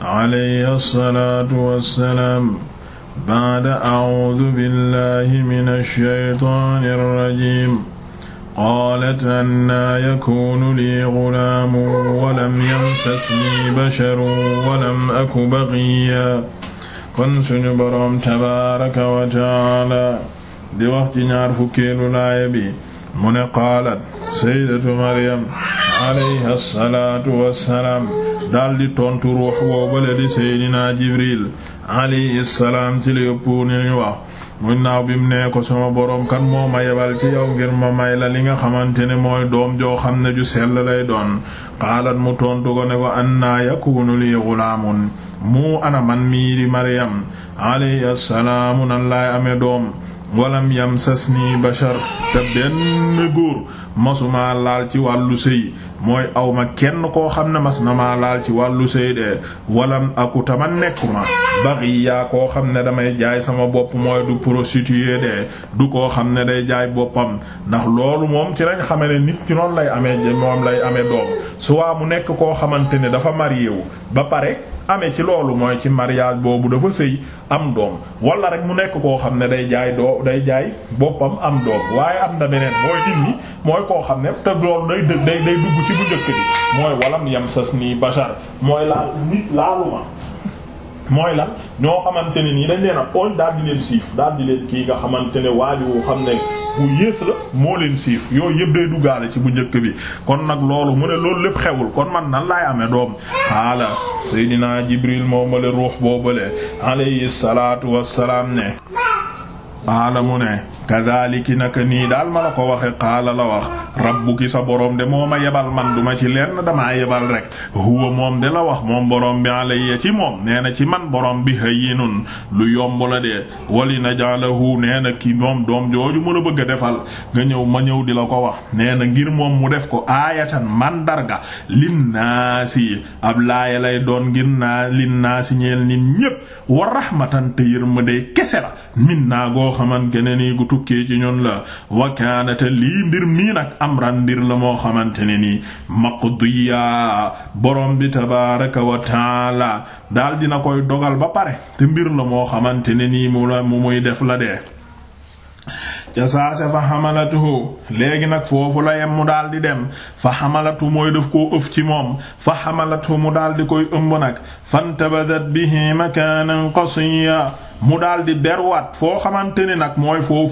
alayhi alsalatu wassalaam baada acuudu billahi min alshaytaan alrajim qaalat annaa yakuunu lii gulaamu walam yamsasnii basharu walam aku baqiya kon suñu boroom tabaaraka wa taala di wax ci ñaar fukkeelu laaya bi mu ne qaalat sayyidatu maryam alayha alsalatu wassalaam daldi tontu ruux woobale di seydinaa jibril alayhi salaam ci li ëpp ni wax muy naaw bi mu nee sama boroom kan moo ma yebal ci ngir ma may la li nga xamante ne mooy doom joo xam ne ju sell lay doon xaalat mu tontu ko ne ko annaa yakunu li ghulaamun mu ana man mii di maryam alayhi assalaamu nan laay amee doom walam yamsasni bashar te benn góor masuma laal ci wàllu sëy mooy aw ma kenn koo xam ne mas na maa laal ci wàllu sëy de walam aku tama nekkuma yaa koo xam ne damay jaay sama bopp mooy du prostituée de du koo xam ne day jaay boppam ndax loolu moom ci lañ xame ne nit ci noonu lay amee moom lay amee doom soit mu nekk koo xamante ne dafa marié wu ba pare amee ci loolu mooy ci mariage boobu dafa sëy am doom wala rek mu nekk koo xam ne day jaay doo day jaay boppam am doom waaye am na beneen mooy nit ñi mooy koo xam ne te loolu day day day dugg ci bu njëkk bi mooy walam yam sas nii bashar mooy laal nit laaluma mooy lan ñoo xamante ne nii dañ leen a poñ daal di leen siif daal di leen kii nga xamante ne waaju xam ne bu yées la moo siif yooyu yëpp day duggaale ci bu njëkk bi kon nag loolu mu ne loolu lépp xewul kon man nan laay amee doom xaala Seydina Jibril moomale ruux boobale alayhi salaatu wassalaam ne xaala mu ne kadhaliki naka nii daal ma la ko waxe xaala la wax rabbuki sa borom de moo ma yebal man du ma ci lenn damaa yebal rek huwa moom de la wax moom borom bi alayya ci moom nee na ci man borom bi hayyinun lu yomb la de wali najalahu nee na ki moom doom jooju mën a bëgg a defal nga ñëw ma ñëw di la ko wax nee na ngir moom mu def ko aayatan mandarga linnaasi ab laaya lay doon ngir naa linnaasi ñeel nit ñépp wa rahmatan te yërmande kese la min naa goo xamante ne nii gu tukkee ci ñun la wa kaanata lii mbir amran mbir la moo xamante ne nii maqdiya borom bi tabaraka wa taala daal na koy dogal ba pare te mbir la moo xamante ne nii mu la mu muy def la dee ca saase fa xamalatuhu léegi nag foofu la yem mu daal dem fa xamalatu mooy daf koo ëf ci fa xamalatu mu daal koy ëmb nag fantabadat bihi makanan qasiya mu daal di berwaat foo xamante ne nag mooy foo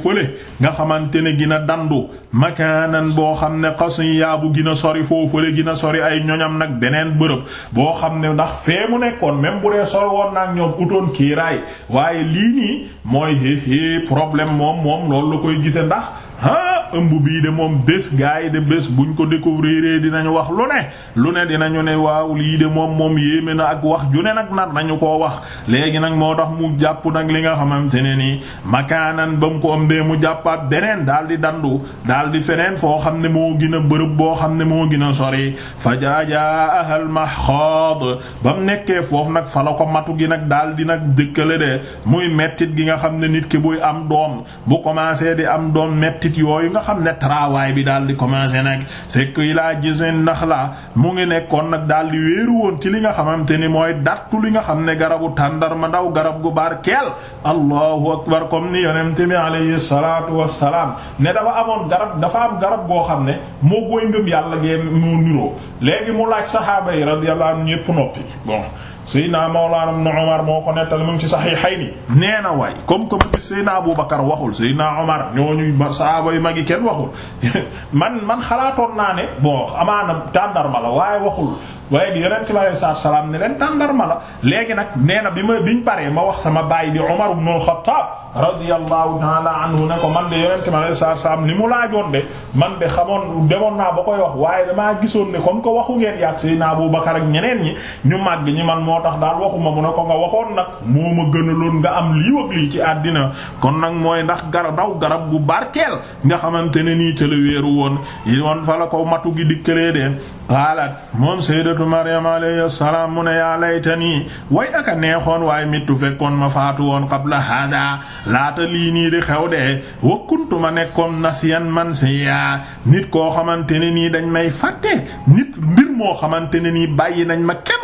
nga xamante ne gina dandu makaanan boo xam ne qasiya bu gina sori foo fële gina sori ay ñoñam nag beneen bërëb boo xam ne ndax fee mu nekkoon même bu dee sori woon naag ñoom utoon kiiraay waaye lii nii mooy hé hé problème moom moom loolu koy gise ndax ah ëmb bii de moom bés gars yi de bés buñ ko découvrir dinañu wax lu ne lu ne dinañu ne waaw lii de moom moom yéeme na ak wax ju ne nag nar nañu ko wax léegi nag moo tax mu jàpp nag li nga xamante ne nii makaanan ba mu ko ëmbee mu jàppaat beneen daal di dandu daal di feneen foo xam ne moo gën bërëb boo xam ne moo gën a sori fajaajaa ahal mahxaad ba mu nekkee foofu nag fa la ko matu gi nag daal di nag dëkkale de muy mettit gi nga xam ne nit ki buy am doom bu commencé di am doom mettit yooyu nga xam ne travail bi daal di commencé nag fekk yi laa gisin ndax la mu ngi nekkoon nag daal di wéeru woon ci li nga xamante ni mooy dattu li nga xam ne garabu tàndar ma ndaw garab gu barkeel allahu akbar comme ni yonente bi alayhi salatu wassalaam ne dafa amoon garab dafa am garab goo xam ne moo koy ngëm yàlla gee moo niroo léegi mu laaj sahaaba yi radiyallahu anhu ñépp noppi Seydina Mawlana Ibn Umar moo ko nettali mu ngi ci Sahihayni nee na waay comme que mu Seydina Abu Bakar waxul Seydina Umar ñooñu saaba yu mag yi kenn waxul man man xalaatoon naa ne bon amaana tàndarma la waaye waxul. waaye bi yonent bi alayhi salaatu salaam ne leen tàndarma la léegi nag nee bi ma biñ paree ma wax sama baay bi Umar ibn al-Khattab radiyallahu ta'ala anhu ne ko man de yonent bi alayhi salaam li mu laajoon de man de xamoon demoon naa ba koy wax waaye damaa gisoon ne comme que waxu ngeen yàgg Seydina Abu Bakar ak ñeneen ñi ñu màgg ñi man moo tax daal waxuma mu ne ko nga waxoon nag moo ma gënaloon nga am lii ak lii ci àddina kon nag mooy ndax garab daw garab gu barkeel nga xamante ne nii ca la wéeru woon ko matu gi dikkalee de sayyidatu maryam alayhi salaam mu ne yaa laytani way aka neexoon waaye mittu fekkoon ma faatu woon qabla hada laata lii nii di xew de wa kuntu ma nekkoon nasiyan mansiya nit koo xamante ne nii dañ may fàtte nit mbir moo xamante ne nii bàyyi nañ ma kenn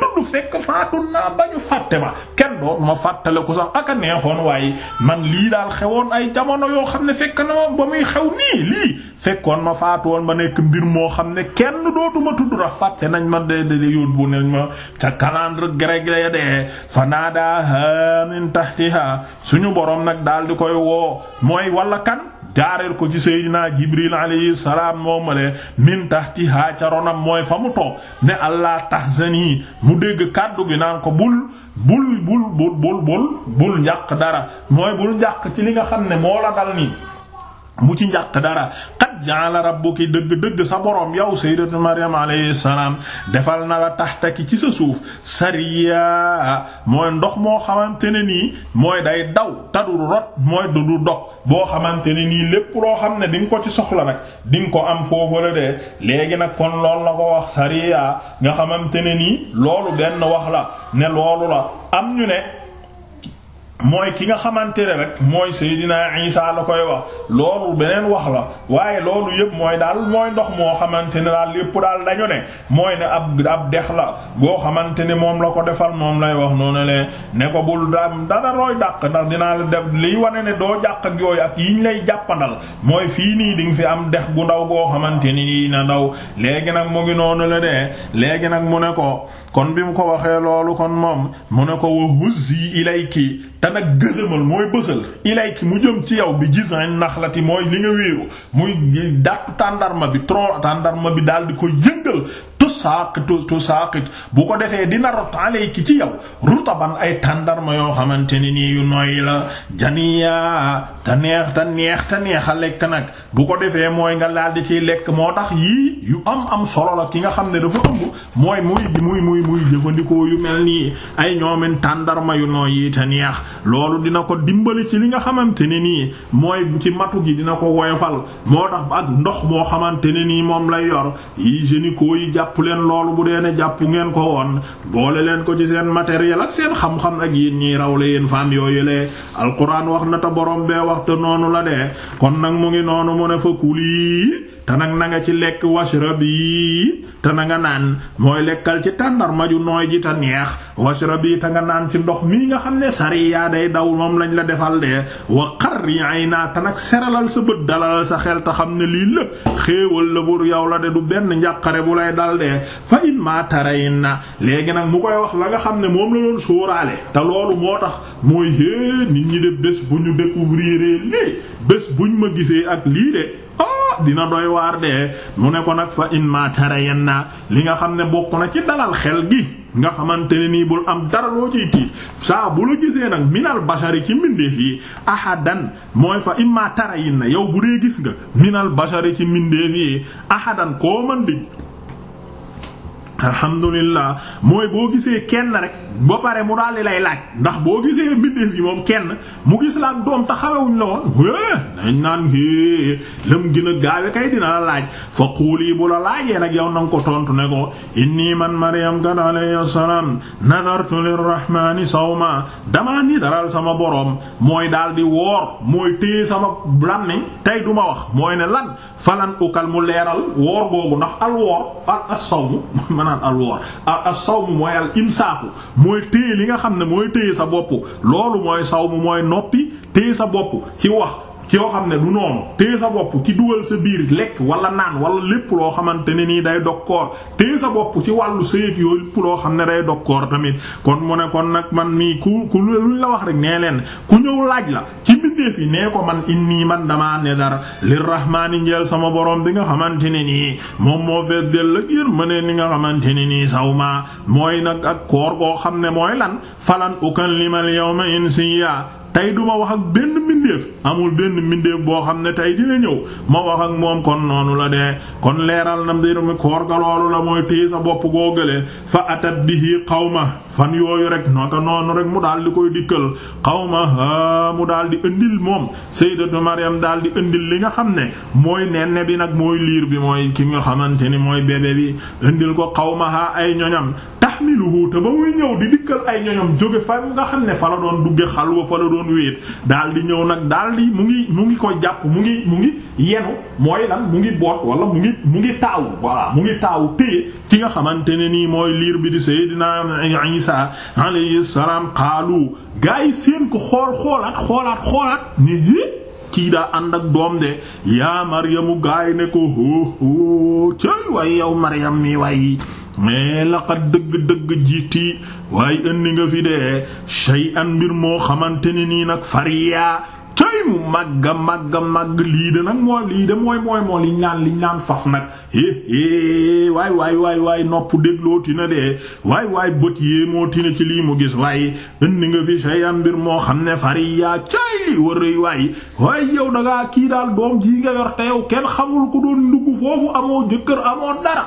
dund fekk faatun naa bañu fàtte ma kenn doon ma fàttale ko sax aka neexoon waaye man lii daal xewoon ay jamono yoo xam ne fekk na ma ba muy xew nii lii fekkoon ma faatu woon ma nekk mbir moo xam ne kenn dootuma tudd ra fàtte nañ ma de de yóon bu nañ ma ca calendre grégorien de fanaadaha min tahtiha suñu boroom nag daal di koy woo mooy walla kan jaareel ko ci Seydina Jibril alayhi salaam moomale min tahtiha ca ronam mooy fa mu toog ne allah tahzani mu dégg kàddu gi naan ko bul bul bul bul bul bul bul dara mooy bul njàq ci li nga xam ne moo la dal nii mu ci njaq dara qad ja'ala rabbuki dëgg-dëgg sa borom yow sayyidatu Maryam alayhi defal na la taxtaki ci sa suuf sariya mooy ndox moo xamante ne nii mooy day daw ta du rot mooy du du dog boo xamante ne nii lépp loo xam ne di nga ko ci soxla nag di nga ko am foofu la de léegi nag kon loolu la ko wax sariya nga xamante ne nii loolu benn wax la ne loolu la am ñu ne mooy ki nga xamante ne rek mooy Seydina Isa la koy wax loolu beneen wax la waaye loolu yëpp mooy daal mooy ndox moo xamante ne daal lépp daal dañu ne mooy ne ab ab dex la boo xamante ne moom la ko defal moom lay wax noonu le ne ko bul daam dara looy dàq ndax dinaa la def liy wane ne doo jàq ak yooyu ak yiñ lay jàppandal mooy fii nii di nga fi am dex gu ndaw goo xamante ni na ndaw léegi nag moo ngi noonu le de léegi nag mu ne ko kon bi mu ko waxee loolu kon moom mu ne ko wa huzzi te nag gësamal mooy bësal ilay ki mu jëm ci yow bi gis naxlati mooy li nga wéeru muy dàq tàndarma bi tron tàndarma bi daal di koy yëngal tusaaqit tusaaqit bu ko defee dina rot alayki ci yow rutaban ay tàndarma yoo xamante ne nii yu noy la janiya te neex te neex te neex a lekk nag bu ko defee mooy nga laal di ci lekk moo tax yii yu am am solo la ki nga xam ne dafa ëmb mooy muy muy muy jëfandikoo yu mel nii ay ñoomin tàndarma yu nooy yi te neex loolu dina ko dimbali ci li nga xamante ne nii mooy ci matu gi dina ko woyofal moo tax ak ndox moo xamante ne nii moom lay yor yi génico yi leen loolu bu dee ne jàpp ngeen ko woon boole leen ko ci seen matériel ak seen xam-xam ak yéen ñiy rawle yéen femme yooyu lee alquran wax na te borom bee wax te noonu la dee kon nag mu ngi noonu mu ne fa kuli te nag na nga ci lekk washrabi te na nga naan mooy lekkal ci tàndarma ju nooy ji te neex washrabi te nga naan ci ndox mii nga xam ne sariya day daw moom lañ la defal de wa qarri ayna te nag seralal sa bët dalalal sa xel te xam ne lii lépp xéewal la bur yow la de du benn njàqare bu lay dal de fa in ma tarayna léegi nag mu koy wax la nga xam ne moom la doon sóoraale te loolu moo tax mooy hée nit ñi de bés bu ñu découvrir lii bés buñ ma gisee ak lii oh! dina doy waar de mu ne ko nag fa in ma tarayanna li nga xam ne bokk na ci dalal xel gi nga xamante ne nii bul am dara loo ciy tiit saa la gisee nag minal bashari ci mbindeef yi ahadan mooy fa imma tarayin na yow bu gis nga minal bashari ci mbindeef yi ahadan koo mën di alhamdulillah mooy boo gisee kenn rek ba pare mu daal lay laaj ndax boo gisee mbindeef yi moom kenn mu gis la doom te xamewuñ la woon dañ naan é lëm gën a gaawe kay dina la laaj fa quuli bu la laajee nag yow nanga ko tontu ne ko inni man maryam kat alayhi salaam nadartu lirrahmani sawma damaa sama boroom mooy daal di woor mooy téye sama lanni tey duma wax mooy ne lan falan ukal mu leeral woor googu ndax al woor ak as sawm naan alwoor a sawm mooy al imsaaku mooy téye li nga xam ne mooy téye sa bopp loolu mooy sawm mooy noppi téye sa bopp ci wax ci yoo xam ne du noonu téye sa bopp ci dugal sa biir lekk wala naan wala lépp loo xamante ne nii day dog koor téye sa bopp ci wàllu sëyeeg yooyu lépp loo xam ne day dog tamit kon mu ne kon nag man mii ku ku la wax rek nee leen ku ñëw laaj la ci mbindeef yi nee ko man inni man damaa ne dara lirrahmaani njeel sama borom bi nga xamante ne nii moom moo fees del la gër ma ne ni nga xamante ne nii saw maa mooy nag ak koor koo xam ne mooy lan falan ukallimal yawma insiya tey duma wax ak benn mbindeef amul benn mbindeef boo xam ne tey dina ñëw ma wax ak moom kon noonu la dee kon leeral na mbir mi koor ga la mooy téye sa bopp googale fa atat bihi xawma fan yooyu rek naka noonu rek mu daal di koy dikkal xawma haa mu daal di indil moom sayyidatu Maryam daal di indil li nga xam ne mooy nenne bi nag mooy liir bi mooy ki nga xamante ni mooy bébé bi indil ko xawma haa ay ñoñam yaxmiluhu te ba muy ñëw di ay ñoñom jóge fa nga xam ne fa doon dugge xalwa fa doon wéet daal di ñëw nag daal di mu ngi mu ngi koy jàpp mu ngi mu ngi yenu mooy lan mu ngi boot wala mu ngi mu ngi taaw voilà mu ngi taaw téye ki nga xamante ne nii mooy liir bi di Seydina Isa alayhi salaam xaalu gaa yi seen ko xool xoolaat xoolaat xoolaat ni kii daa ànd ak doom de yaa maryamu yi ne ko hoo hoo cëy way yow maryam mi way mais laqad dëgg-dëgg jiitii waaye indi nga fi de shay'an mbir moo xamante ne nii nag fariyaa cay mu màgga màgga màgg lii de nag moo lii de mooy mooy moo liñ naan liñ naan faf nag éé waay waay waay waay nopp déglooti na dee waay waay bët yée moo tina ci lii mu gis waaye indi nga fi shay'an mbir moo xam ne fariyaa cay warëy waay waaye yow da kii daal doom jii nga yor te yow kenn xamul ko doon ndugg foofu amoo jëkkër amoo dara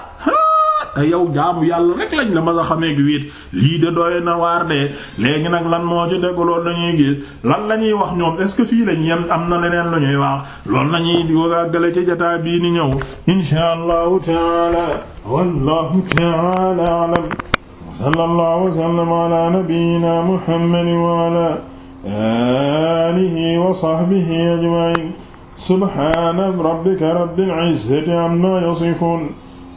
te eh, yow jaamu yàlla rek lañ la ma xamee gi wéet lii de doy na waar de léegi nag lan moo ci dégg loolu lañuy gis lan la ñuy wax ñoom est-ce que fii lañ yem am na leneen lu ñuy wax loolu lañuy wagàggale ci jataa bii ni ñëw insha allahu taala wallahu taala alam sallallahu wasallam ala nabiyyina muhammadin wa ala alihi wa sahbihi ajma'in subhana rabbika rabbil izzati